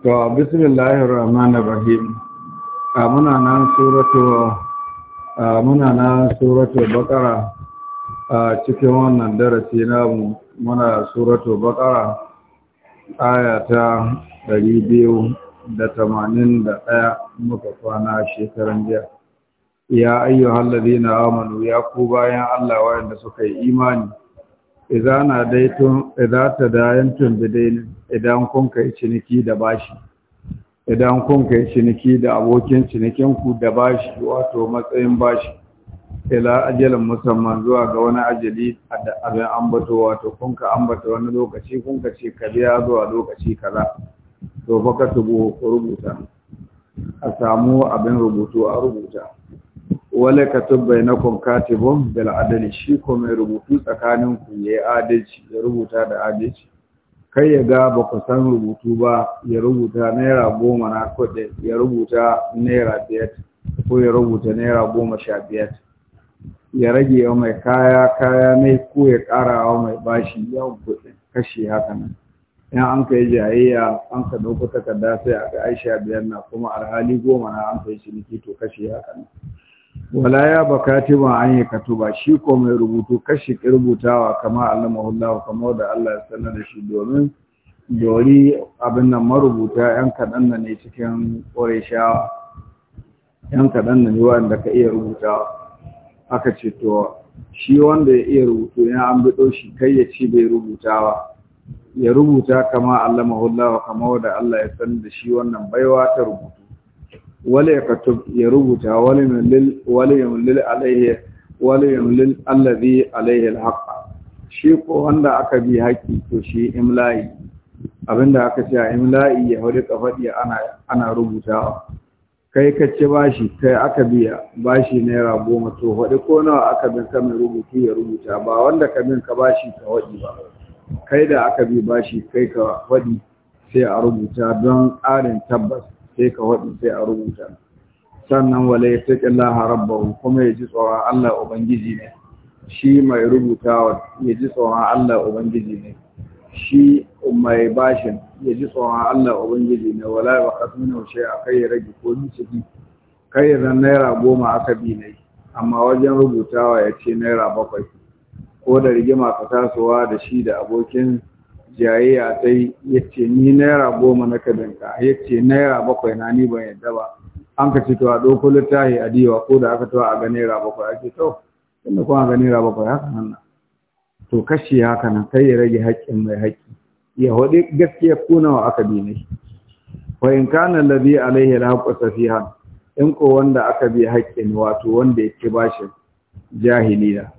to bismillahir rahmanir rahim a muna nan suratu a muna nan suratu a cikin wannan darasi na muna suratu da aya ta 281 muka kwana shekaran jiya ya ayyuhal ladina amanu ya ku bayan Allah wa'anda suka yi imani iza na daitun idza tadayantun bidain idan kun kai ciniki da bashi idan kun kai ciniki da abokin cinikin ku da bashi wato matsayin bashi ila ajalin musamman zuwa ga wani ajali da abin ambato wato kun ka ambata wani lokaci kun ka ce ka biya zuwa lokaci kaza to fa ka rubuta a samu abin rubutu a rubuta wale ka tubbai na katibun bil adali shi ko mai rubutu tsakanin ku ya yi adalci ya rubuta da adalci kai ya ga ba ku san rubutu ba ya rubuta naira goma na kuɗi ya rubuta naira biyar ko ya rubuta naira goma sha biyar ya rage wa mai kaya kaya mai ko ya ƙara wa mai bashi yawan kuɗi kashi haka nan in an kai jayayya an ka ɗauko takarda sai a ga aisha biyar na kuma alhali goma na an kai ciniki to kashi haka nan wala ya baka tiba an yi katuba shi ko mai rubutu kashi rubutawa kama allamahu Allah kamar da Allah ya sanar da shi domin dori abin nan marubuta yan kaɗan na ne cikin ƙorishawa yan kaɗan na ne wanda ka iya rubutawa aka ce to shi wanda ya iya rubutu ya an biɗo shi kai ya ci bai rubutawa ya rubuta kama Allah Allah kama da Allah ya sanar da shi wannan baiwa ta rubutu wale ya katub ya rubuta Wale yamlil wala yamlil alaihi wala yamlil allazi alaihi alhaq shi ko wanda aka bi haƙi to shi imla'i abinda aka ce imla'i ya hore kafadi ana ana rubutawa kai ka ci bashi kai aka biya bashi naira goma to hode ko nawa aka bin ka mai rubutu ya rubuta ba wanda ka bin ka bashi ka hodi ba kai da aka bi bashi kai ka hodi sai a rubuta don ƙarin tabbas sai ka waɗi sai a rubuta sannan wale ya taƙi laha rabbahu kuma ya ji tsoron Allah Ubangiji ne shi mai rubutawa ya ji tsoron Allah Ubangiji ne shi mai bashin ya ji tsoron Allah Ubangiji ne wala ba baka ne wuce a kai ya rage ko ciki kai ya zan naira goma aka bi ne amma wajen rubutawa ya ce naira bakwai ko da rigima ka tasowa da shi da abokin jayayya ta yi ya ce ni naira goma na kadanka ya ce naira bakwai na ni ban yadda ba an ka ce to a ɗauko littafi a diwa ko da aka tawa a ga naira bakwai ake to tunda kuma ga naira bakwai haka nan to kashi haka nan kai ya rage haƙƙin mai haƙƙi ya hudu gaskiya ko nawa aka bi ne fa in kana ladhi alaihi alhaqqu safihan in ko wanda aka bi haƙƙin wato wanda ya ci bashin jahiliya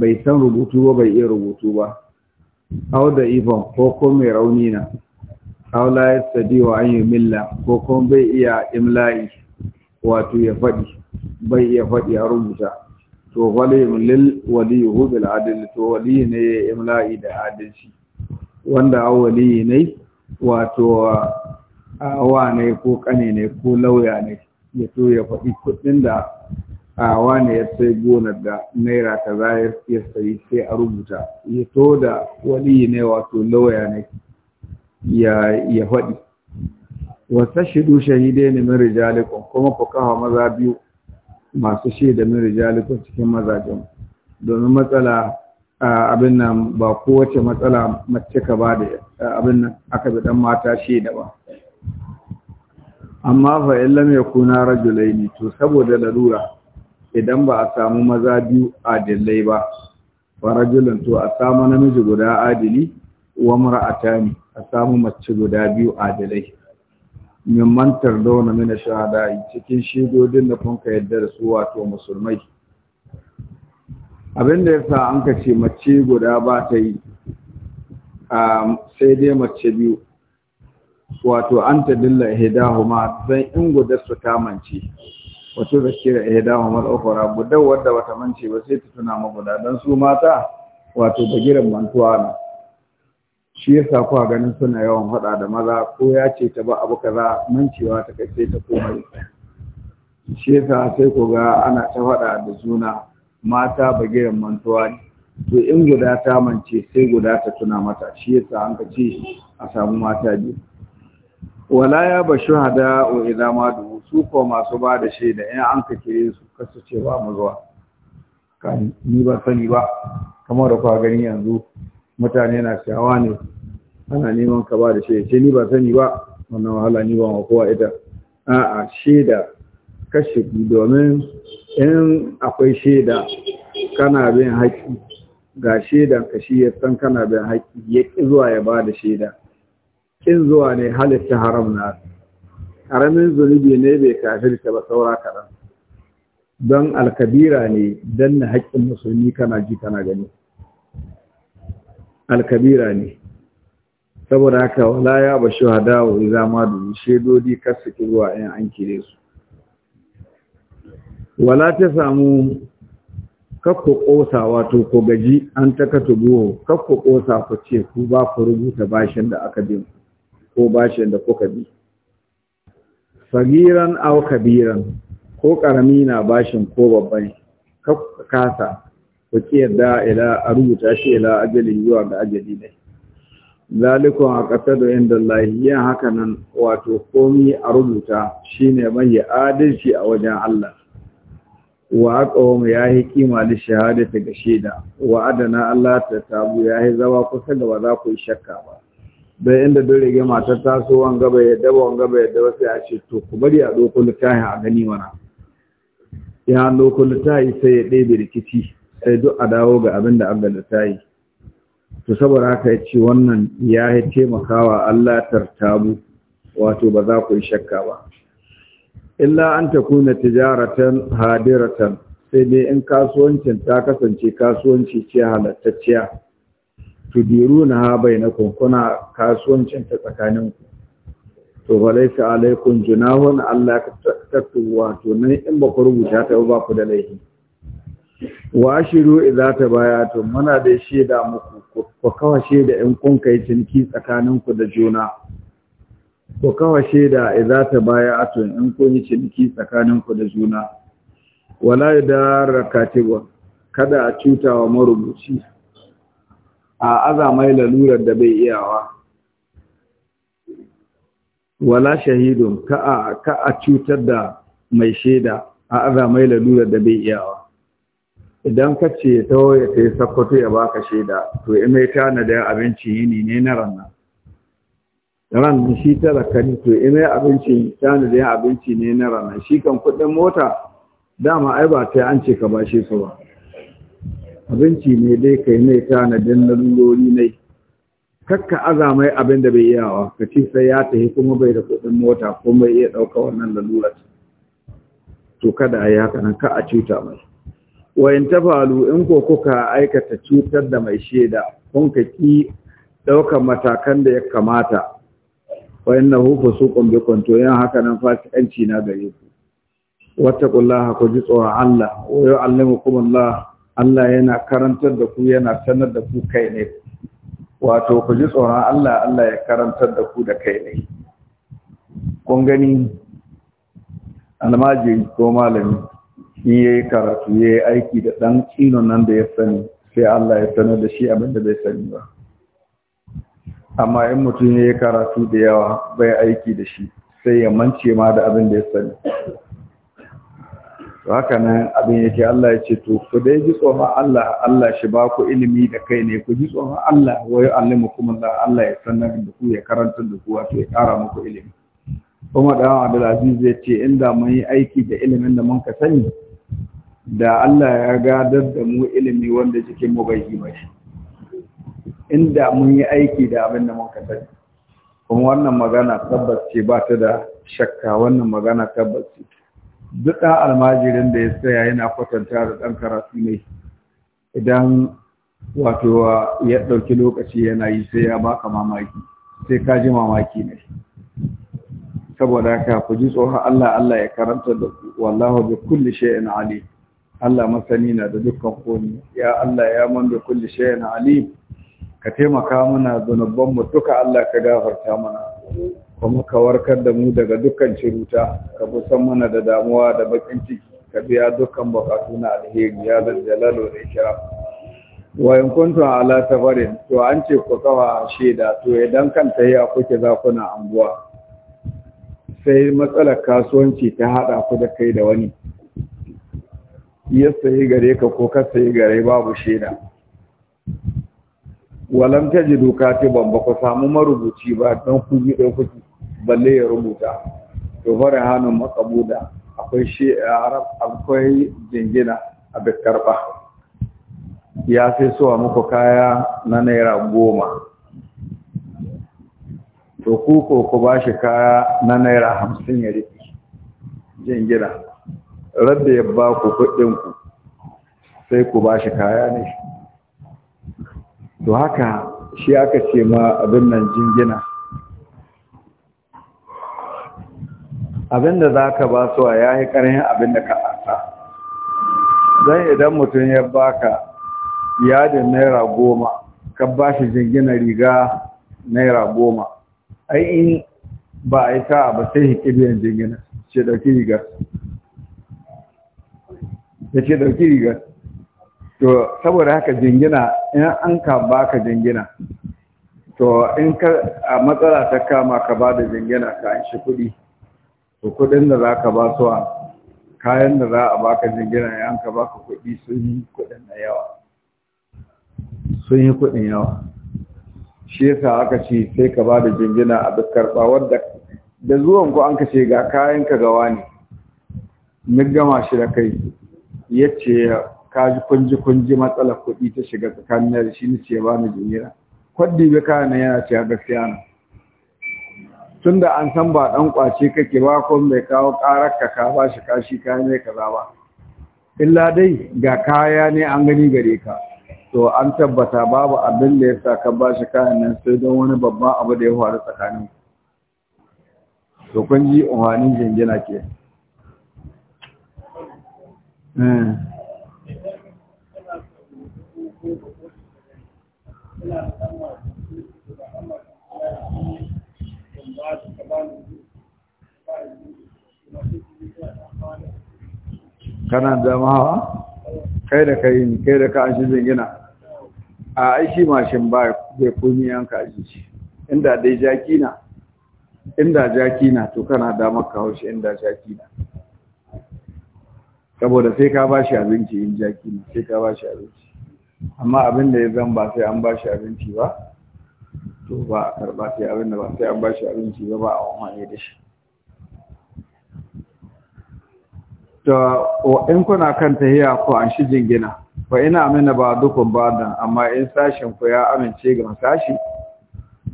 bai san rubutu ba bai iya rubutu ba aw da ibon ko ko mai rauni na aw la yastadi wa an yumilla ko ko bai iya imla'i wato ya fadi bai iya fadi a rubuta to waliyun lil hu bil adl to wali ne ya imla'i da adalci wanda aw wali ne wato awa ne ko kane ne ko lauya ne ya to ya fadi kuɗin da a wane ya sai gonar da naira ta zayar ya sayi sai a rubuta ya to da wani ne wato lauya ne ya faɗi wata shidu shahidai ne min rijalikun kuma fukawa maza biyu masu shaida min rijalikun cikin mazajen domin matsala abin nan ba kowace matsala mace ka ba da abin nan aka bi dan mata shaida ba amma fa illam yakuna rajulaini to saboda lalura idan ba a samu maza biyu adilai ba farajulun to a samu namiji guda adili wa mar'atani a samu mace guda biyu adilai min mantar dauna mina shahada cikin shidodin da kun ka yadda da su wato musulmai abinda ya sa an ka mace guda ba ta yi sai dai mace biyu wato an ta dilla hidahuma zan in guda su kamance wato da shi da ihdahu mal ukhra budda wadda wata mance ba sai ta tuna ma su mata wato girin mantuwa ne shi yasa kuwa ganin suna yawan faɗa da maza ko ya ce ta ba abu kaza mancewa ta kai sai ta komai shi yasa sai ku ga ana ta faɗa da juna mata bagiran mantuwa ne to in guda ta mance sai guda ta tuna mata shi yasa an ka ce a samu mata biyu wala ya ba shuhada wa idan ma dubu su ko masu ba da shaida in an ka kire su kasu cewa mu zuwa ni ba sani ba kamar da kwa gani yanzu mutane na shawa ne ana neman ka ba da shaida ce ni ba sani ba wannan wahala ni ba kowa ita a'a shaida kashe domin in akwai shaida kana bin haƙƙi ga shaidan ka shi ya san kana bin haƙƙi ya ki zuwa ya ba da shaida kin zuwa ne halitta haram na karamin zunubi ne bai kafirta ba saura kaɗan don alkabira ne don na haƙƙin musulmi kana ji kana gani alkabira ne saboda haka wala ya ba shuhada wa iza ma dubi shedodi kar su ki zuwa in an kire su wala ta samu kakko kosa wato ko gaji an ta katubu kakko kosa ku ce ku ba ku rubuta bashin da aka bin ku ko bashin da kuka bi sagiran aw kabiran ko ƙarami na bashin ko babban kasa ku yadda ila a rubuta shi ila ajalin zuwa ga ajali ne zalikun a ƙasar inda lahiyan haka nan wato komi a rubuta shine mai adalci a wajen Allah wa aqawm ya yi kima da shahada ta ga shaida wa adana Allah ta tabu ya yi zama kusa da ba za ku yi shakka ba bai inda don rage matar taso an gaba ya daba an gaba ya daba sai a ce to ku bari a ɗauko littafin a gani mana ya ɗauko littafi sai ya ɗebe rikici sai duk a dawo ga abin da aka littafi to saboda haka ya ce wannan ya yi taimakawa Allah tartabu wato ba za ku yi shakka ba illa an ta kuna tijaratan hadiratan sai dai in kasuwancin ta kasance kasuwanci ce halattacciya tudiru na ha bai na kuna kasuwancin ta tsakanin ku to ba laisa alaikun junahun Allah ka tattu wato nan in ba ku rubuta ta ba ku da laifi wa shiru idza to muna da shaida muku ku kawa shaida in kun kai cinki tsakanin ku da juna ku kawa shaida idza tun in kun yi cinki tsakanin ku da juna wala yadar katibun kada a cuta wa marubuci a azamai lalurar da bai iyawa wala shahidun ka a ka a cutar da mai shaida a azamai lalurar da bai iyawa idan ka ce ta ya ta yi sakkwato ya baka shaida to ya mai tana da abinci yini ne na ranar ran shi ta rakani to ina abinci tana da abinci ne na ranar shi kan kudin mota dama ai ba ta an ce ka bashe su ba abinci ne dai kai mai tanadin lalurori ne kakka aza mai abin da bai yawa ka ci sai ya tafi kuma bai da kuɗin mota ko bai iya ɗauka wannan lalurar to kada a yi haka nan ka a cuta mai wayan tafalu in ko kuka aikata cutar da mai shaida kun ka ki ɗaukar matakan da ya kamata wayan na hufa su kumbe kwanto yan haka nan fasikanci na gare ku wata kullaha ku ji tsoron Allah wa yau Allah Allah yana karantar da ku yana sanar da ku kai ne wato ku ji tsoron Allah Allah ya karantar da ku da kai ne kun gani Almaji ko malami in yayi karatu yayi aiki da ɗan tsino nan da ya sani sai Allah ya sanar da shi abin da bai sani ba amma in mutum yayi karatu da yawa bai aiki da shi sai ya mance ma da abin da ya sani haka nan abin yake Allah ya ce to ku dai ji tsohon Allah Allah shi ba ku ilimi da kai ne ku ji tsohon Allah wa kuma Allah Allah ya sanar da ku ya karanta da ku wato ya kara muku ilimi kuma da Abdul Aziz ya ce inda mun yi aiki da ilimin da mun ka sani da Allah ya gadar da mu ilimi wanda jikin mu bai yi ba inda mun yi aiki da abin da mun ka sani kuma wannan magana tabbace ba ta da shakka wannan magana tabbace duk ɗan almajirin da ya tsaya yana kwatanta da ɗan karatu ne idan wato ya ɗauki lokaci yana yi sai ya baka mamaki sai ka ji mamaki ne saboda ka, ku ji tsohon Allah Allah ya karanta da ku wallahu bi kulli shay'in Ali. Allah masani na da dukkan komai ya Allah ya man bi kulli shay'in Ali? ka taimaka mana zanubban mu duka Allah ka gafarta mana kuma ka warkar da mu daga dukkan ciruta ka busan mana da damuwa da bakin ciki ka biya dukkan bukatu na alheri ya zan jalalo da ikira wa in kuntum ala safarin to an ce ku kawa shaida to idan kan tahiya kuke za kuna anguwa sai matsalar kasuwanci ta haɗa ku da kai da wani ya sayi gare ka ko ka sayi gare babu shaida walam tajidu katiban ba ku samu marubuci ba don ku ji balle ya rubuta to fara hannun makabuda akwai shi arab akwai jingina a karba ya sai suwa muku kaya na naira goma to ku ko ku ba shi kaya na naira hamsin ya riƙe jingina radda ya ba ku kuɗinku sai ku ba shi kaya ne to haka shi aka ce ma abin nan jingina da za ka ba su a ya yi ƙarhin da ka ansa don idan mutum ya baka yadin naira goma ka ba shi jingina riga naira goma ai in ba a yi sa'a ba sai shi biyan jingina ce ɗauki rigar ya ce ɗauki rigar to saboda haka jingina in an ka baka jingina to in ka a matsala ta kama ka ba da jingina ka an shi kuɗi to kuɗin da za ka ba su kayan da za a baka jingina an ka ka kuɗi sun yi kuɗin na yawa sun yi kuɗin yawa shi yasa aka ce sai ka ba da jingina a duk karɓa wadda da zuwan ku an ka ce ga kayan ka gawa ne Mun gama shi da kai ya ce ka ji kunji kunji matsalar kuɗi ta shiga tsakanin da shi ne ce ba ni jingina kwaddi bi kayan yana ce gaskiya na Tun da an san ba dan kwace kake ba ko mai kawo karar ka ba shi kashi ka ne kaza ba illa dai ga kaya ne an gani gare ka to an tabbata babu abin da yasa ka ba shi kayan nan sai don wani babban abu da ya faru tsakanin to kun ji umarnin jingina ke Hmm. kana damawa kai da kai ne kai da ka an shi zingina a aishi mashin ba zai komi yanka a shi inda dai jaki na inda jaki na to kana damar kawo shi inda jaki na saboda sai ka ba shi abinci in jaki na sai ka ba shi abinci amma abin da ya zan ba sai an ba shi abinci ba to ba a karɓa sai abin da ba sai an bashi abinci ba ba a wani da shi to in kuna kan tahiya ko an shi jingina fa ina amina ba dukun dan amma in sashin ku ya amince ga sashi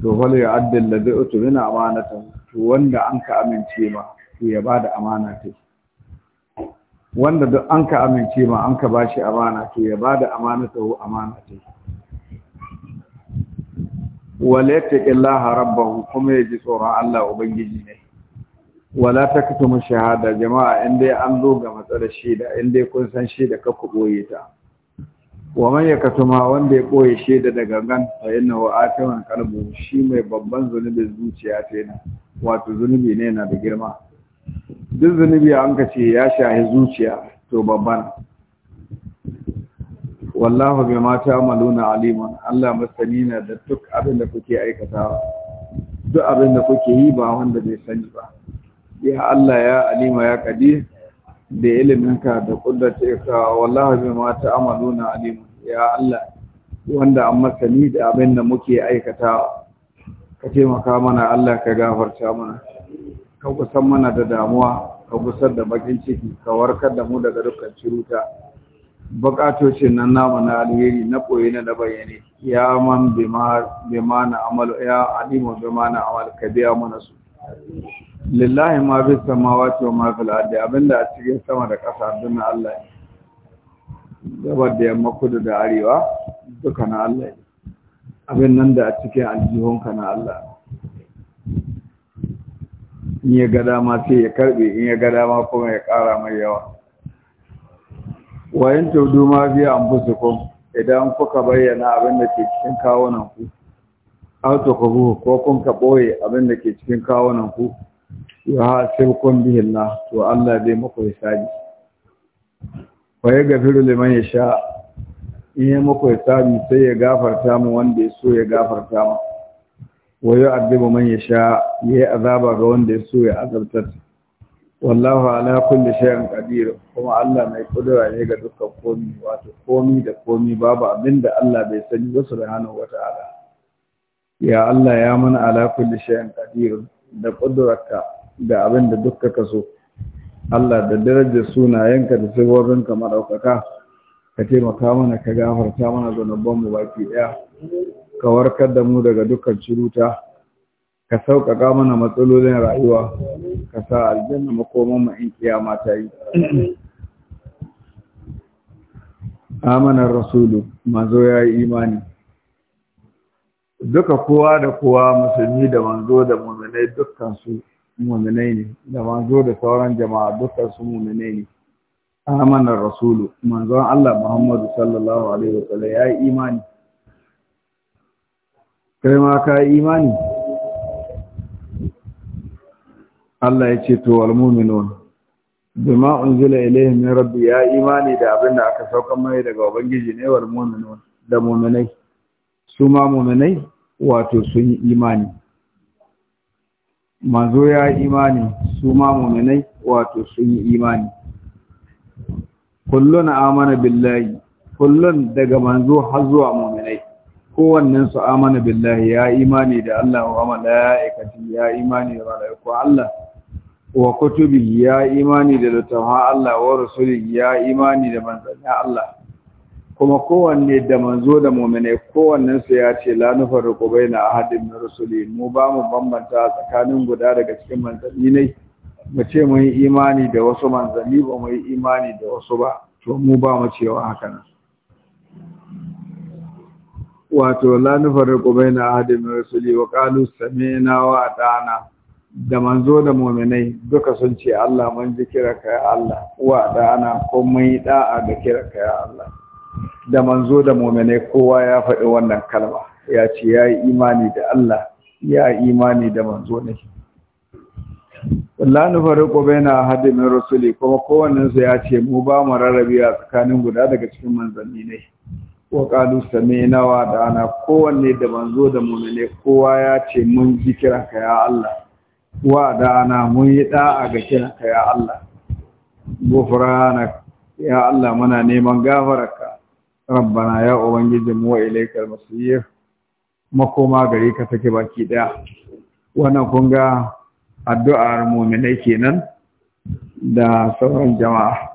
to wala ya addal ladhi utmina amanatan to wanda an ka amince ma to ya bada amana ta wanda duk an ka amince ma an ka bashi amana to ya bada amana ta amana ta wala yattaqillaha rabbahu kuma ji tsoron Allah ubangiji ne wala mu shahada jama'a in dai an zo ga matsalar shaida in dai kun san shaida ka ku boye ta wa man yakatuma wanda ya boye shaida daga gan fa wa atiman qalbu shi mai babban zunubin zuciya ta yana wato zunubi ne na da girma duk zunubi an ka ce ya shahi zuciya to babban wallahu bai mata na aliman Allah masani na da duk abin da kuke aikatawa duk abin da kuke yi ba wanda bai sani ba ya Allah ya alima ya kadir da iliminka da kuddata ka wallahu bai mata na aliman ya Allah wanda an masani da abin da muke aikatawa ka taimaka mana Allah ka gafarta mana ka kusan mana da damuwa ka gusar da bakin ciki ka warkar da mu daga dukkan ciruta bukatocin nan namu na alheri na koyi na da bayyane ya man ma na amal ya alimu bima na amal ka biya mana su lillahi ma bi samawati wa ma fil ardi abinda a cikin sama da ƙasa duk na Allah ne gabar da yamma kudu da arewa duka na Allah ne abin nan da a cikin aljihunka na Allah in ya ga dama sai ya karbe in ya ga dama kuma ya ƙara mai yawa wayan taudu ma biya an busukum idan kuka bayyana abin da ke cikin kawunan ku auto kubu ko kun ka boye abin da ke cikin kawunan ku ya hasibkum bihillah to Allah zai muku hisabi wa ya gafiru liman yasha in ya muku hisabi sai ya gafarta mu wanda ya so ya gafarta mu wa adibu man yasha ya azaba ga wanda ya so ya azabtar wallahu ala kulli shay'in qadir kuma Allah mai kudura ne ga dukkan komi wato komi da komi babu abinda da Allah bai sani ba subhanahu wata'ala ya Allah ya mana ala kulli shay'in qadir da kudurarka da abin da dukka ka so Allah da darajar sunayenka da ka madaukaka ka taimaka mana ka gafarta mana mu baki daya ka warkar da mu daga dukkan shiruta ka sauƙaƙa mana matsalolin rayuwa ka sa aljanna makoman mu in kiyama ta yi amanar rasulu manzo ya yi imani duka kowa da kowa musulmi da manzo da muminai dukkan su muminai ne da manzo da sauran jama'a dukkan su muminai ne amanar rasulu manzo Allah Muhammadu sallallahu alaihi sallam ya yi imani kai ma ka yi imani Allah ya ce to wal mu'minun bima unzila ilayhim min rabbi ya imani da abin da aka sauka mai daga ubangiji ne wal mu'minun da mu'minai su ma mu'minai wato sun yi imani manzo ya yi imani su ma mu'minai wato sun yi imani kullun amana billahi kullun daga manzo har zuwa mu'minai kowannen su amana billahi ya imani da Allah wa malaikati ya imani da malaiku Allah wa kutubi ya imani da littafin Allah wa rasuli ya imani da manzannin Allah kuma kowanne da manzo da mu'minai kowannen su ya ce la nufarriqu baina ahadin min rusuli mu ba mu bambanta tsakanin guda daga cikin manzanni ne mu ce mu yi imani da wasu manzanni ba mu yi imani da wasu ba to mu ba mu cewa haka nan wato la nufarriqu baina ahadin min rusuli wa qalu sami'na wa ata'na da manzo da muminai duka sun ce Allah mun ji ka ya Allah uwa da ana komai mun yi da'a ga kiraka ya Allah da manzo da muminai kowa ya faɗi wannan kalma ya ce ya yi imani da Allah ya yi imani da manzo ne Allah bai na ahadin min rasuli, kuma kowannen su ya ce mu ba mu a tsakanin guda daga cikin manzanni ne wa qalu nawa da ana kowanne da manzo da muminai kowa ya ce mun ji kiraka ya Allah wa da'ana mun yi da'a ga kiranka ya Allah gufranak ya Allah muna neman gafararka rabbana ya ubangiji mu wa ilaikal masir makoma gare ka take baki daya wannan kun ga addu'ar mu'minai kenan da sauran jama'a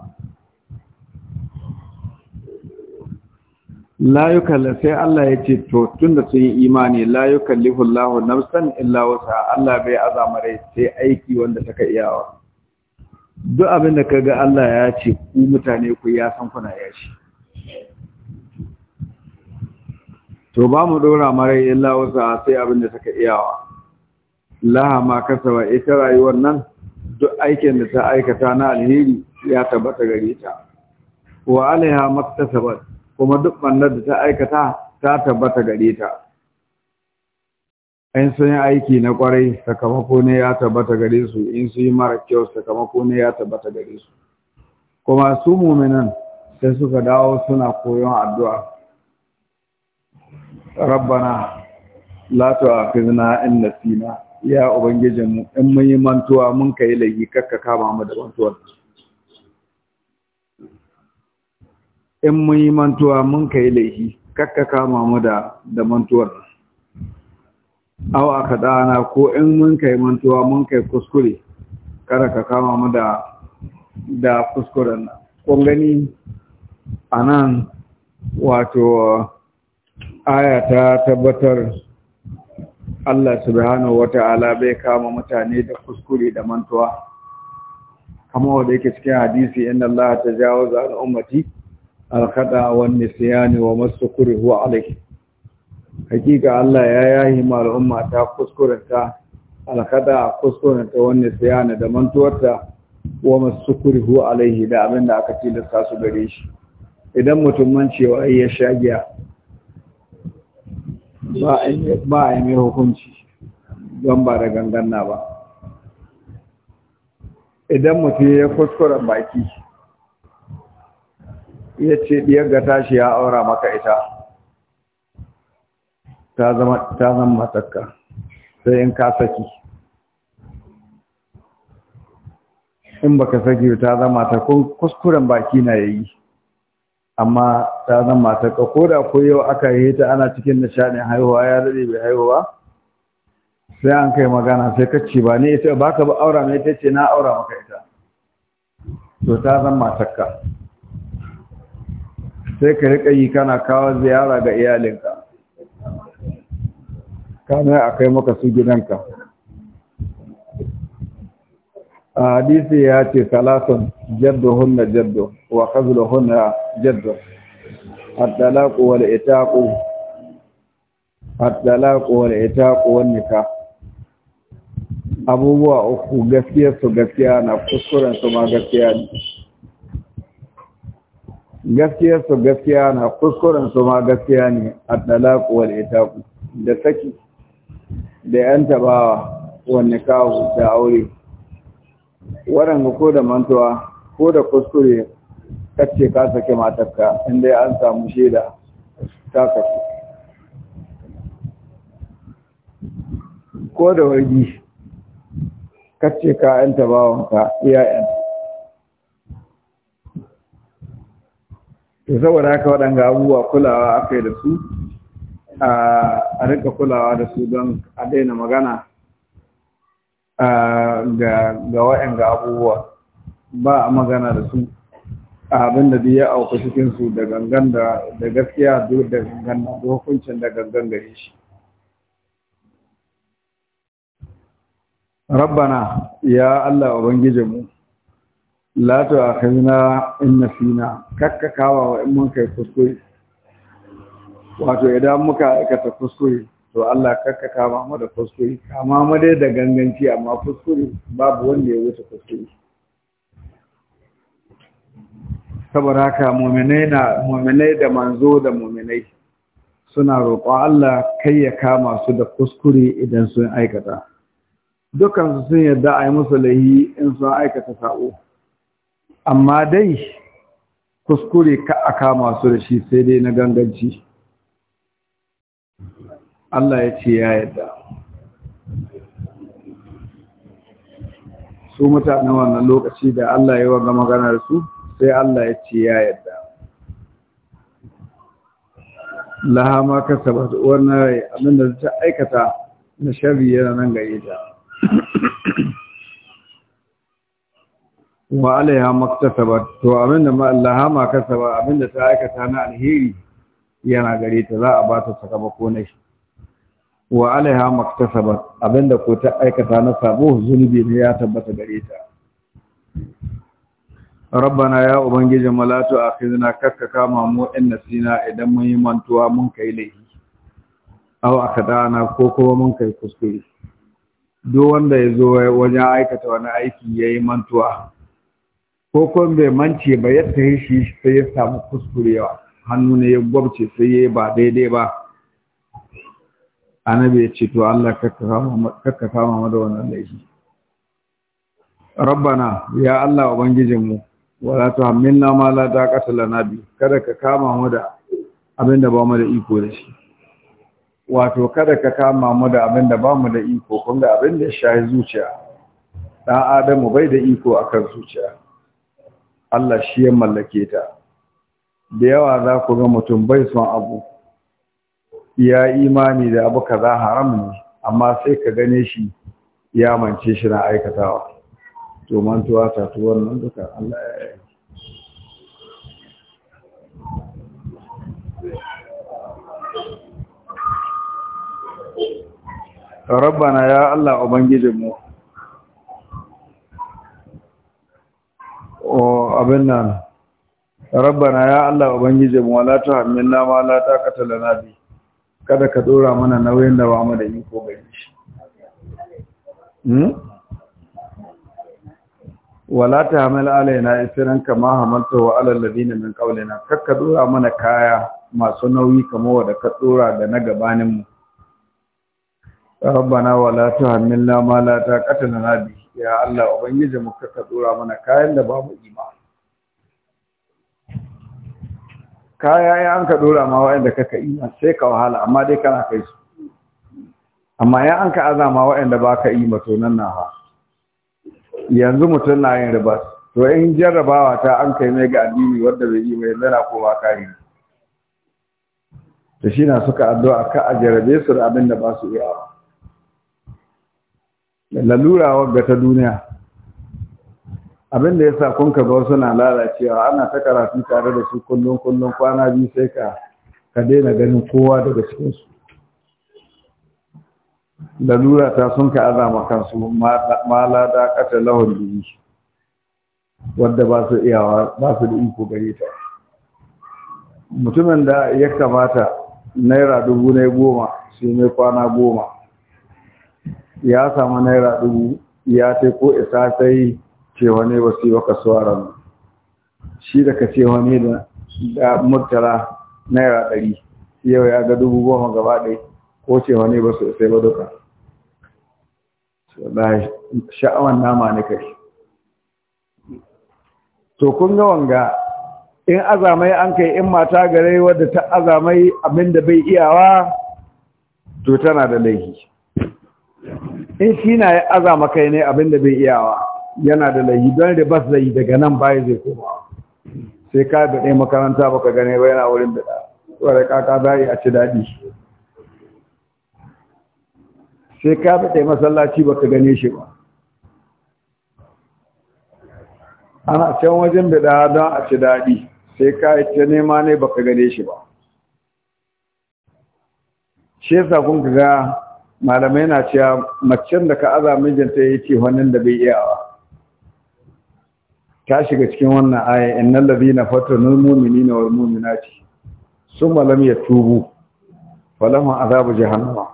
Layukalla sai Allah ya ce to tun da sun yi imani layukan Allahu nafsan illa wasa Allah bai azama rai sai aiki wanda taka iyawa duk abin da kaga Allah ya ce ku mutane ku ya san kuna ya shi to ba mu dora marai illa wasa sai abin da taka iyawa laha ma kasaba ita rayuwar nan duk aikin da ta aikata na alheri ya tabbata gare ta wa alaiha maktasabat kuma duk ɓannar da ta aikata ta tabbata gare ta in sun yi aiki na kwarai sakamako ne ya tabbata gare su in sun yi mara kyau sakamako ne ya tabbata gare su kuma su muminan sai suka dawo suna koyon addu'a rabbana a tu'akhizna in nasina ya ubangijinmu in mun yi mantuwa mun kai laifi kakka kama mu da mantuwar in mun yi mantuwa mun kai laifi kakka kama mu da da mantuwar awa ka dana ko in mun kai mantuwa mun kai kuskure kada ka kama mu da da kuskuren nan kun gani anan wato aya ta tabbatar Allah subhanahu wata'ala bai kama mutane da kuskure da mantuwa Kamar wanda yake cikin hadisi inna Allah jawo al ummati alkada wa nisyani wa masukuri huwa alaihi hakika Allah ya yahi ma al'umma ta kuskurenta alkada kuskurenta wa nisyani da mantuwarta wa masukuri huwa alaihi da abin da aka tilasta su gare shi idan mutum mancewa ai ya sha giya ba a yi mai hukunci don ba da ganganna ba idan mutum ya kuskuren baki ya ce diyar ga tashi ya aura maka ita ta zama ta zama matakka sai in ka saki in ba ka saki ta zama ta kuskuren baki na yayi amma ta zama matakka, ko da ko yau aka yi ta ana cikin nishadin haihuwa ya dade bai haihuwa sai an kai magana sai ka ba ne ita baka ba aura mai ta ce na aura maka ita to ta zama matakka sai ka riƙa yi kana kawo ziyara ga iyalinka kana a kai maka su gidanka a hadisi ya ce salatun jaddu hunna jaddu wa kazlu hunna jaddu الطلاق والإتاق الطلاق wani ka. abubuwa uku gaskiyarsu gaskiya na kuskurensu ma gaskiya ne gaskiyar su gaskiya na kuskuren su ma gaskiya ne a dalaku wal itaku da saki da yan tabawa wanne kawo da aure waɗanda ko da mantuwa ko da kuskure kacce ka sake matarka inda an samu shaida ta sake ko da wargi kacce ka yan tabawanka iyayen to saboda haka waɗanda abubuwa kulawa aka yi da su a rika kulawa da su don a daina magana ga waɗanga abubuwa ba a magana da su abin da a auku cikinsu da gangan da gaskiya da gangan da hukuncin da gangan gare shi rabbana ya allah mu. la ta akhina in fina kakkakawa wa in mun kai kuskure wato idan muka aikata kuskure to Allah kakkakawa kama mu da kuskure amma mu dai da ganganci amma kuskure babu wanda ya wuce kuskure saboda haka muminai na muminai da manzo da muminai suna roƙo Allah kai ya kama su da kuskure idan sun aikata dukansu sun yadda a yi musu lahi in sun aikata sa'o amma dai kuskure ka a kama su da shi sai dai na ganganci Allah ya ce ya yadda su mutane wannan lokaci da Allah ya waga maganar su sai Allah ya ce ya yadda laha ma kasabat wannan abinda ta aikata na shari yana nan gare ta wa alaiha maktasaba to abinda ma Allah ma kasaba abinda ta aikata na alheri yana gare ta za a ba ta sakamako na shi wa alaiha maktasaba abinda ko ta aikata na sabo zunubi ne ya tabbata gare ta rabbana ya ubangiji malatu akhizna kakka kama mu in nasina idan mun yi mantuwa mun kai laifi aw akadana ko kuma mun kai kuskure duk wanda ya zo wajen aikata wani aiki ya yi mantuwa ko kuma bai mance ba ya tahi shi sai ya samu kuskurewa hannu ne ya gwabce sai ya ba daidai ba annabi ya ce to Allah kakka kama mu da wannan laifi rabbana ya Allah mu. wala tuhammilna ma la taqata lana bi kada ka kama mu da abinda ba mu da iko da shi wato kada ka kama mu da abinda ba mu da iko kun ga abinda ya shahi zuciya dan adamu bai da iko akan zuciya Allah shi ya mallake ta da yawa za ku ga mutum bai son abu ya imani da abu kaza haram ne amma sai ka gane shi ya mance shi na aikatawa to mantuwa ta to wannan duka Allah ya yi rabbana ya Allah ubangijinmu abin nan rabbana ya Allah ubangije mu wala ta hamilna ma la taqata lana bi kada ka dora mana nauyin da ba mu da iko gari shi hmm wala ta hamal alaina isran kama hamalta wa alal ladina min qawlina kaka dora mana kaya masu nauyi kamar wanda ka dora da na gabanin mu rabbana wala ta hamilna ma la taqata lana bi ya Allah ubangiji mu ka dora mana kayan da babu imani kaya ya an ka dora ma wa'anda kaka iman sai ka wahala amma dai kana kai su amma ya an ka azama wa'anda ba ka ima to nan na ha yanzu mutum na yin riba to in jarrabawa ta an kai mai ga addini wanda bai yi mai lana ko ba kari to shi na suka addu'a ka a jarrabe su da abin da ba su iya ba lalura wagga ta duniya abinda ya sa kun kaga wasu na lalacewa ana ta karatu tare da su kullum kullum kwana biyu sai ka ka daina ganin kowa daga cikinsu lalura ta sun ka azama kansu ma lada kata lahon wadda ba su iyawa ba su da iko gare ta mutumin da ya kamata naira dubu na goma sai mai kwana goma ya samu naira dubu ya ce ko isa sai cewa ne ba su yi baka suwaran shi da ka ce wani da murtala naira ɗari yau ya ga dubu goma gaba ɗai ko ce wani ba su isa ba duka sha'awan nama ne kai to kun ga wanga in azamai an kai in mata gare wadda ta azamai abinda bai iyawa to tana da laifi in shi na ya aza maka ne abin da bai iyawa yana da layi don bas zai daga nan baya zai koma sai ka da ɗaya makaranta baka gane ba yana wurin da tsore kaka za a ci daɗi sai ka da ɗaya masallaci baka gane shi ba ana can wajen da don a ci daɗi sai ka yi ta nema ne baka gane shi ba shi yasa kun ga malamai na cewa macen da ka aza mijinta ya ce wannan da bai iyawa ta shiga cikin wannan aya innal ladina fatanu mu'minina wal mu'minati summa lam yatubu falahu azabu jahannama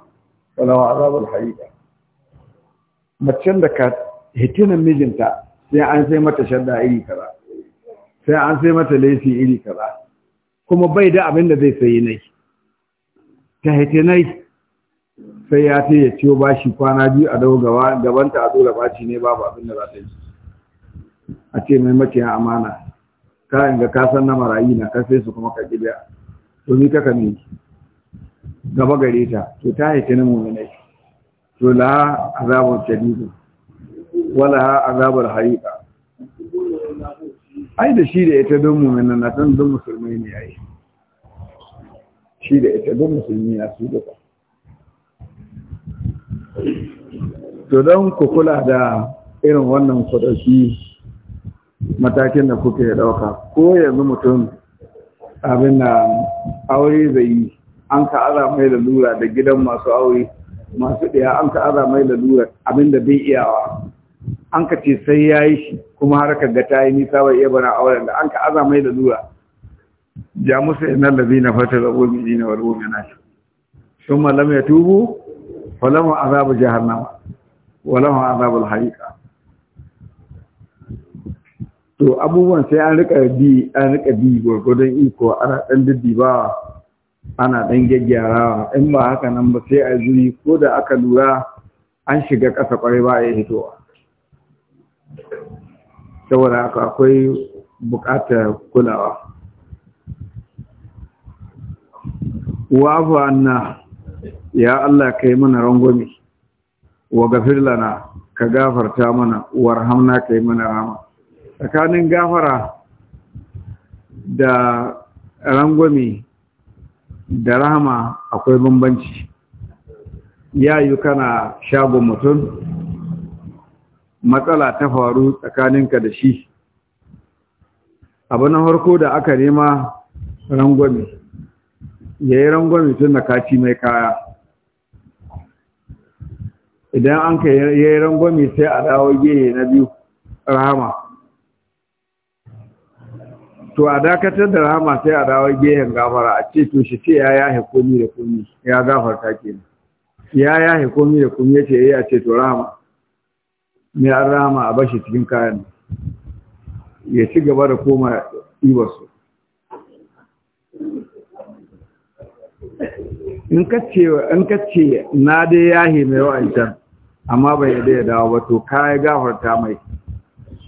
azabu al hayya macen da ka hitinan mijinta sai an sai mata shadda iri kaza sai an sai mata laifi iri kaza kuma bai da abin da zai sayi nai ta hitinai sai ya ta ya ciyo bashi kwana biyu a dau gaba gabanta a dole baci ne babu abin da za ta yi a ce mai mace amana ka in ga ka san na marayi na kasai sai su kuma ka kibiya to ni kaka ne gaba gare ta to ta yi ta na muminai to la azabar shadidu wala azabar harika. ai da shi da ita don muminan na san don musulmai ne yi. shi da ita don musulmi na su ta to don ku kula da irin wannan kuɗaɗi matakin da kuke ɗauka ko yanzu mutum abin da aure zai yi an ka aza mai lura da gidan masu aure masu ɗaya an ka aza mai lura abin da bai iyawa an ka ce sai ya yi shi kuma har ka ga ta yi nisa bai iya bana auren da an ka aza mai lalura ja musu na fata fatar abubuwan jina wa rubu yana shi sun malam ya tubu falahun azabu jahannama walahun azabu harika to abubuwan sai an rika bi an rika bi gwargwadon iko ana dan diddiba ana dan gyaggyarawa in ba haka nan ba sai a zuri ko da aka lura an shiga ƙasa kwarai ba a yi hitowa saboda haka akwai buƙatar kulawa wa anna ya Allah kai mana rangwami, wa gafir lana ka gafarta mana warhamna kai mana rama tsakanin gafara da rangwami da rahama akwai bambanci ya yi kana shagon mutum matsala ta faru tsakaninka da shi abu na harko da aka nema rangwami. ya yi rangwami tun da kaci mai kaya idan an ka ya yi rangwami sai a dawo geye na biyu rahama to a dakatar da rahama sai a dawo gehen gafara a ce to shi ce ya yahe komi da komi ya gafarta ke ya yahe komi da komi ya ce eh, ya ce to rahama mai an rahama a bashi cikin kayan ya ci gaba da koma ibarsu in kace in kace na dai yahi mai wa'ancan amma bai da ya dawo ba to ka ya gafarta mai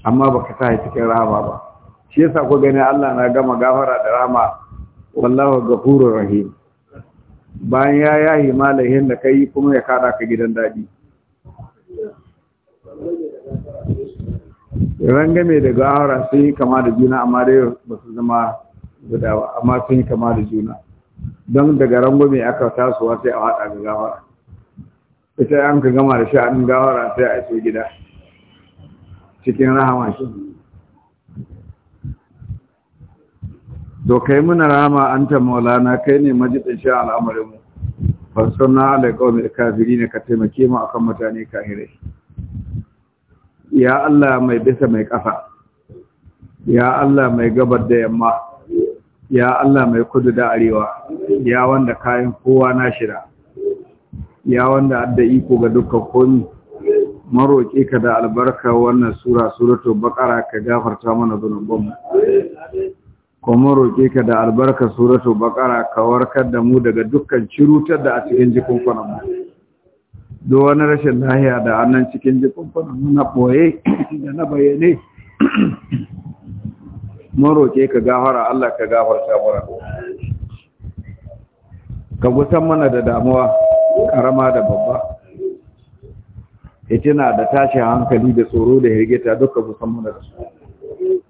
amma baka sa cikin rahama ba shi yasa ku gani Allah na gama gafara da rahama wallahu ghafurur rahim bayan ya yahi malahin da kai kuma ya kada ka gidan daɗi rangame da gawara sun yi kama da juna amma dai ba su zama gudawa amma sun yi kama da juna don daga rangwame aka tasowa sai a hada ga gawara ita an ka gama da sha'anin gawara sai a iso gida cikin rahama shi to kai muna rahama an ta maulana kai ne majibin sha al'amarinmu alaikawa mai kafiri ne ka taimake mu akan mutane kahirai ya Allah mai bisa mai ƙasa ya Allah mai gabar da yamma ya Allah mai kudu da arewa ya wanda kayan kowa na shira ya wanda adda iko ga dukkan komi maroƙe ka da albarka wannan sura suratul baqara ka gafarta mana zunubanmu ko roƙe ka da albarka suratul baqara ka warkar da mu daga dukkan cirutar da a cikin jikin mu duk wani rashin lahiya da annan cikin jikin mu na boye da na bayyane mun roƙe ka gafara Allah ka gafarta mana ka gutan mana da damuwa karama da babba itina da tashi hankali da tsoro da hirgita duka gutan mana da su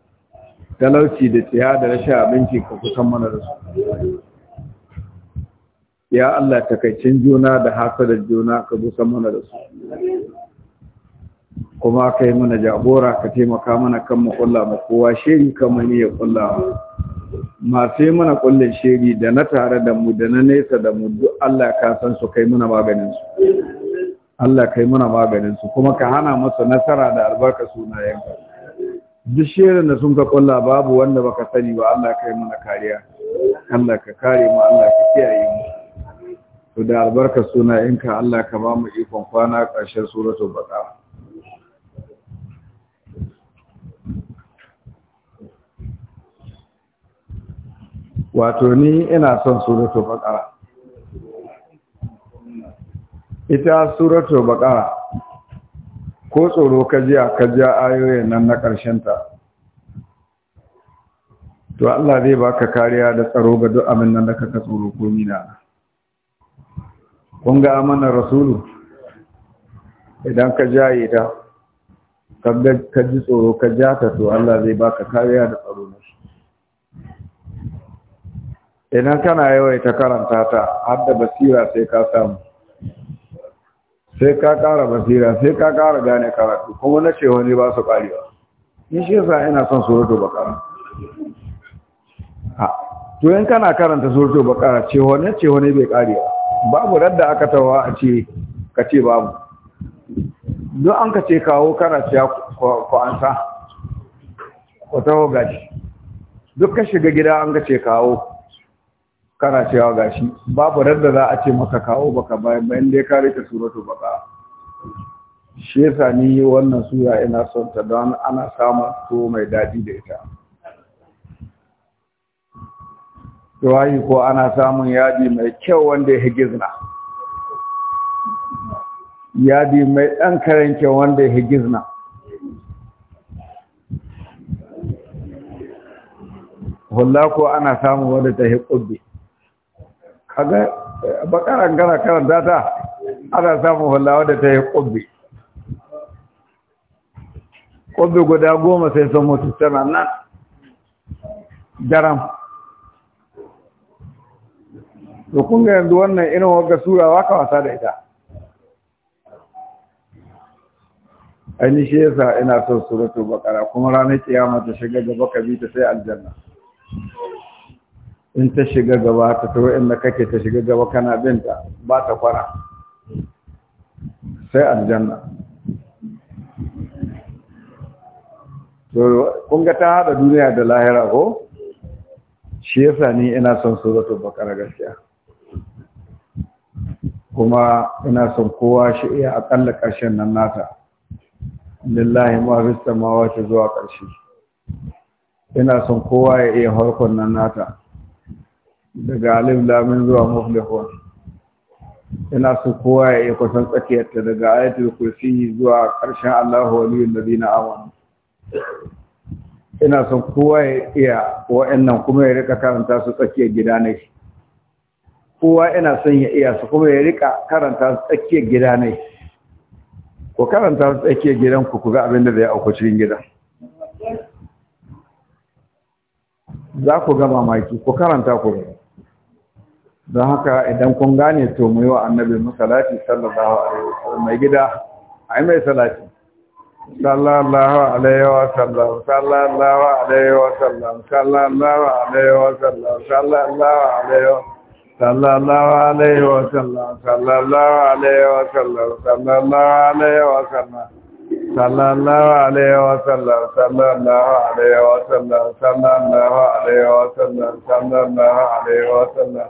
talauci da tsiya da rashin abinci ka gutan mana da su ya Allah takaicin juna da hasadar juna ka gutan mana da su kuma ka yi mana jagora ka taimaka mana kan mu kulla mu kowa shiri kamar ya kulla masu yi mana kullin shiri da na tare da mu da na nesa da mu duk Allah ka san su kai mana maganin su Allah kai mana maganin su kuma ka hana musu nasara da albarka sunayenka duk shirin da sun ka kulla babu wanda baka sani ba Allah kai mana kariya Allah ka kare mu Allah ka kiyaye mu to da albarka suna yanka Allah ka ba mu ikon kwana ƙarshen suratul baqara wato ni ina son suratu baqara ita suratu baqara ko tsoro ka ji ka ja ayoyin nan na ƙarshen ta to Allah zai baka kariya da tsaro ga duk abin nan da kaka tsoro ko mina kun ga amana rasulu idan ka jaye ta kabda kaji tsoro ka ja ta to Allah zai baka kariya da tsaro idan kana yawaita karanta ta har da basira sai ka samu sai ka ƙara basira sai ka ƙara gane karatu kuma na ce wani ba su ƙarewa in shi yasa ina son surutu bakara ha to in kana karanta surutu bakara ce wani ce wani bai ƙarewa babu radda aka tawa a ce ka ce babu don an ka ce kawo kana ce ku an sa hoga taho duk ka shiga gida an ka ce kawo kana cewa gashi babu radda za a ce maka kawo baka bayan bayan dai ka rike suratu baka shi yasa ni wannan sura ina son ta don ana samun to mai dadi da ita tawayi ko ana samun yadi mai kyau wanda ya higizna yadi mai ɗan karen kyau wanda ya higizna hulla ko ana samun wanda ta hiƙubbe kaga bakaran kana karanta ta ana samun hullawa da ta yi ƙubbe ƙubbe guda goma sai sun mutu tana nan daram to kunga yanzu wannan irin wagga surawa ka wasa da ita Ainihi shi yasa ina son suratul bakara kuma ranar kiyama ta shiga gaba ka ta, sai aljanna in ta shiga gaba ta tawo inda kake ta shiga gaba kana binta ba ta kwara sai aljanna to kun ga ta hada duniya da lahira ko shi yasa ni ina son suratul baqara gaskiya kuma ina son kowa shi iya akalla karshen nan nata lillahi ma fi samawati zuwa karshe ina son kowa ya iya harkon nan nata daga alif lamin zuwa muflihun ina su kowa ya yi kusan tsakiyarta daga ayatul kursi zuwa ƙarshen Allahu waliyul ladina amanu ina son kowa ya iya wa'annan kuma ya rika karanta su tsakiyar gida ne kowa ina son ya iya su kuma ya rika karanta su tsakiyar gida ne ku karanta su tsakiyar gidan ku ga abin da zai auku cikin gida. za ku ga mamaki ku karanta ku ga don haka idan kun gane to mu yi wa annabi masalati sallallahu alaihi wasallam mai gida a mai salati sallallahu alaihi wasallam sallallahu alaihi wasallam sallallahu alaihi wasallam sallallahu alaihi sallallahu alaihi wasallam sallallahu alaihi wasallam sallallahu alaihi wasallam sallallahu alaihi wasallam sallallahu alaihi wasallam sallallahu alaihi wasallam sallallahu alaihi wasallam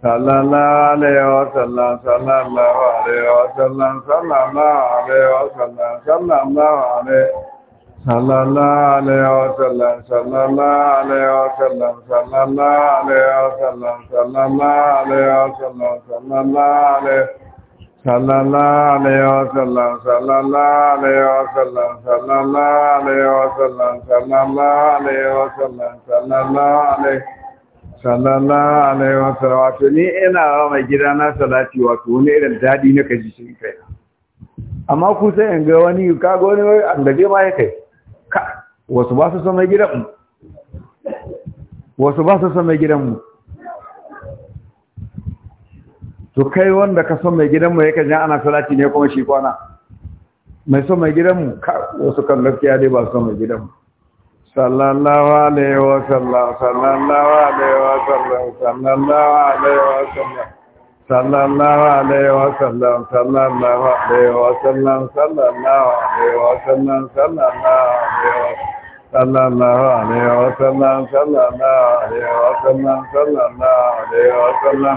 sallallahu alaihi wasallam sallallahu alaihi wasallam sallallahu alaihi wasallam sallallahu alaihi sallallahu alaihi wasallam sallallahu alaihi wasallam sallallahu alaihi wasallam sallallahu alaihi wasallam sallallahu alaihi sallallahu alaihi wasallam sallallahu alaihi wasallam sallallahu alaihi wasallam sallallahu alaihi wasallam sallallahu alaihi sallallahu alaihi wa sallam wato ni ina ba mai gida na salati wato wani irin dadi na kaji shi kai amma ku sai in ga wani ka ga wani annabi ma ya kai ka wasu ba su so mai gidan mu wasu ba su so mai gidan mu to kai wanda ka so mai gidan mu yake jan ana salati ne kuma shi kwana mai son mai gidan mu ka wasu kan gaskiya dai ba so mai gidan mu sallallahu alaihi wa sallam sallallahu alaihi wa sallam sallallahu alaihi wa sallam sallallahu alaihi wa sallam sallallahu alaihi wa sallam sallallahu alaihi wa sallam sallallahu alaihi wa sallam صلى الله عليه وسلم صلى الله عليه وسلم صلى الله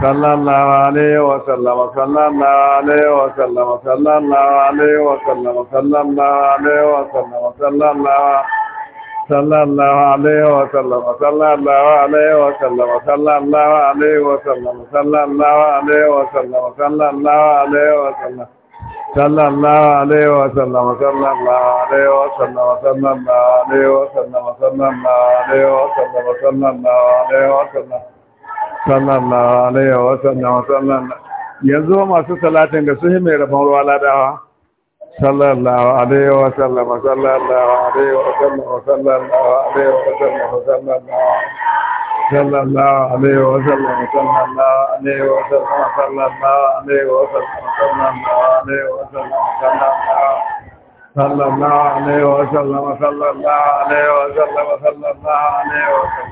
sallallahu alaihi wa sallam sallallahu alaihi wa sallam sallallahu alaihi wa sallam sallallahu alaihi wa sallam sallallahu sallallahu alaihi wa sallam sallallahu alaihi wa sallam sallallahu alaihi wa sallam sallallahu alaihi wa sallam sallallahu alaihi wa sallam sallallahu alaihi wa sallam sallallahu alaihi wa sallam sallallahu alaihi wa sallam sallallahu alaihi wa sallam sallallahu alaihi wa sallam sallallahu alaihi wa sallam sallallahu yanzu masu salatin ga suhi mai rabon ruwa ladawa sallallahu alaihi wa sallam sallallahu alaihi wa sallam sallallahu alaihi wa sallam sallallahu alaihi wa sallam sallallahu alaihi wa sallam sallallahu alaihi wa sallam sallallahu alaihi wa sallam sallallahu صلى الله عليه وسلم صلى الله عليه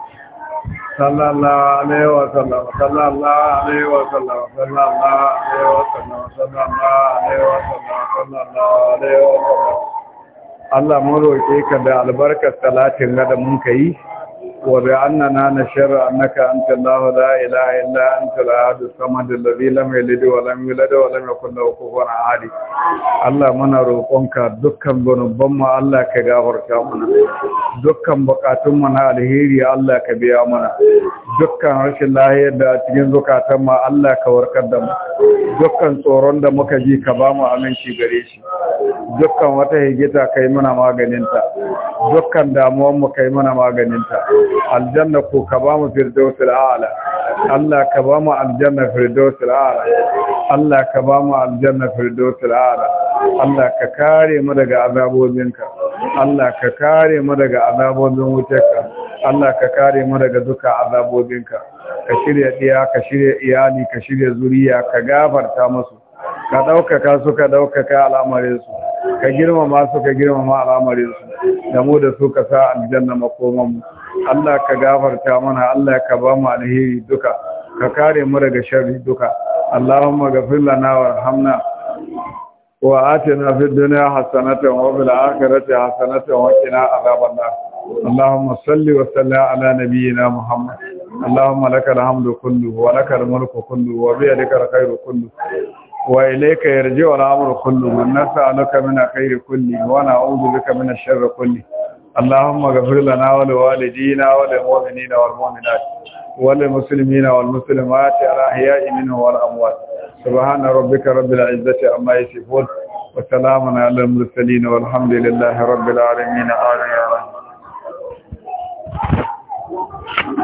Allah mun roƙe ka da albarkar talatin na da mun ka yi, وبأننا نشر أنك أنت الله لا إله إلا أنت الأحد الصمد الذي لم يلد ولم يولد ولم يكن له كفوا أحد الله muna roƙonka dukkan gunubban mu Allah ka gafarta mana dukkan bukatun mu na alheri Allah ka biya mana dukkan rashin lahiyar da cikin zukatan mu Allah ka warkar da mu dukkan tsoron da muka ji ka ba mu aminci gare shi dukkan wata higita kai mana maganinta dukkan damuwan mu kai mana maganinta aljanna ko ka ba mu firdausul a'la Allah ka ba mu aljanna firdausul a'la Allah ka ba mu aljanna firdausul a'la Allah ka kare mu daga azabobin ka. Allah ka kare mu daga azabobin wutarka Allah ka kare mu daga duka azabobin ka Ka shirya diya ka shirya iyali ka shirya zuriya ka gafarta musu ka ɗaukaka su ka al'amarin al'amarinsu ka girmama su ka girmama al'amarinsu da mu da su ka sa aljanna makomanmu Allah ka gafarta mana Allah ka ba mu alheri duka ka kare mu daga sharri duka Allahumma ghafir lana warhamna wa atina fid dunya hasanatan wa fil akhirati hasanatan wa qina adhaban nar Allahumma salli wa sallim ala nabiyyina Muhammad Allahumma lakal hamdu kullu wa lakal mulku kullu wa bi yadika alkhairu kullu وإليك يرجع الأمر كله ونسألك من خير كله ونعوذ بك من الشر كله اللهم اغفر لنا ولوالدينا وللمؤمنين والمؤمنات وللمسلمين والمسلمات الأحياء منه والأموات سبحان ربك رب العزة عما يصفون وسلام على المرسلين والحمد لله رب العالمين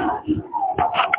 آمين